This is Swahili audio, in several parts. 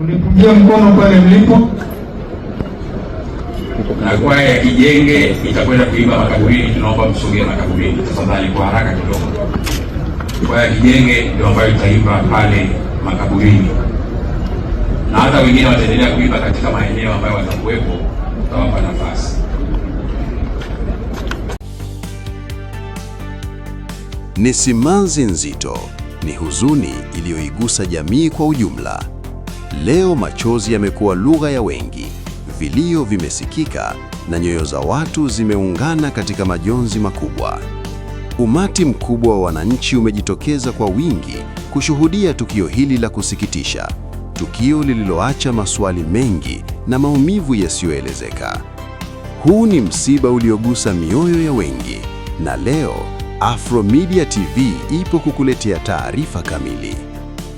unipungie mkono pale mlipo, na kwaya ya Kijenge itakwenda kuimba makaburini. Tunaomba msogee makaburini tafadhali, kwa haraka kidogo. Kwaya ya Kijenge ndio ambayo itaimba pale makaburini, na hata wengine wataendelea kuimba katika maeneo ambayo watakuwepo, utawapa nafasi. Ni simanzi nzito ni huzuni iliyoigusa jamii kwa ujumla. Leo machozi yamekuwa lugha ya wengi, vilio vimesikika na nyoyo za watu zimeungana katika majonzi makubwa. Umati mkubwa wa wananchi umejitokeza kwa wingi kushuhudia tukio hili la kusikitisha, tukio lililoacha maswali mengi na maumivu yasiyoelezeka. Huu ni msiba uliogusa mioyo ya wengi, na leo Media TV ipo kukuletea taarifa kamili,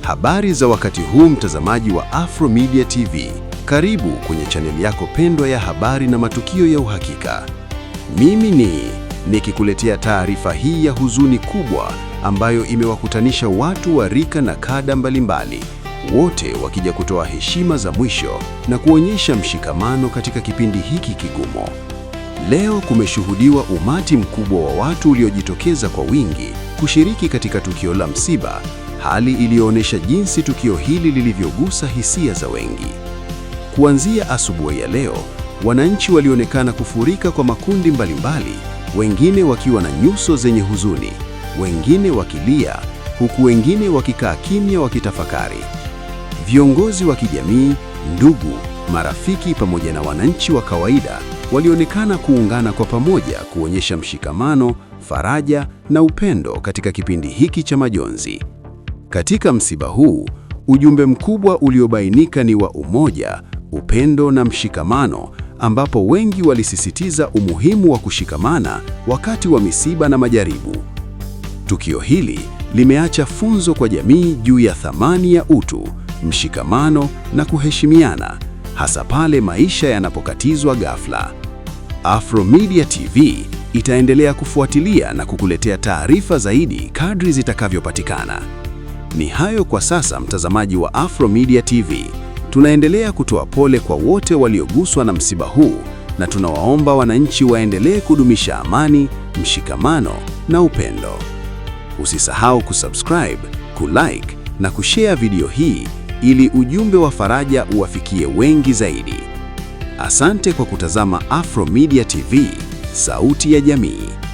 habari za wakati huu. Mtazamaji wa Media TV, karibu kwenye chaneli yako pendwa ya habari na matukio ya uhakika. Mimi ni nikikuletea taarifa hii ya huzuni kubwa ambayo imewakutanisha watu wa rika na kada mbalimbali, wote wakija kutoa heshima za mwisho na kuonyesha mshikamano katika kipindi hiki kigumu. Leo kumeshuhudiwa umati mkubwa wa watu uliojitokeza kwa wingi kushiriki katika tukio la msiba, hali iliyoonyesha jinsi tukio hili lilivyogusa hisia za wengi. Kuanzia asubuhi ya leo, wananchi walionekana kufurika kwa makundi mbalimbali, wengine wakiwa na nyuso zenye huzuni, wengine wakilia, huku wengine wakikaa kimya wakitafakari. Viongozi wa kijamii, ndugu, marafiki pamoja na wananchi wa kawaida walionekana kuungana kwa pamoja kuonyesha mshikamano, faraja na upendo katika kipindi hiki cha majonzi. Katika msiba huu, ujumbe mkubwa uliobainika ni wa umoja, upendo na mshikamano, ambapo wengi walisisitiza umuhimu wa kushikamana wakati wa misiba na majaribu. Tukio hili limeacha funzo kwa jamii juu ya thamani ya utu, mshikamano na kuheshimiana hasa pale maisha yanapokatizwa ghafla. Afro Media TV itaendelea kufuatilia na kukuletea taarifa zaidi kadri zitakavyopatikana. Ni hayo kwa sasa, mtazamaji wa Afro Media TV. Tunaendelea kutoa pole kwa wote walioguswa na msiba huu na tunawaomba wananchi waendelee kudumisha amani, mshikamano na upendo. Usisahau kusubscribe, kulike na kushare video hii ili ujumbe wa faraja uwafikie wengi zaidi. Asante kwa kutazama Afro Media TV, sauti ya jamii.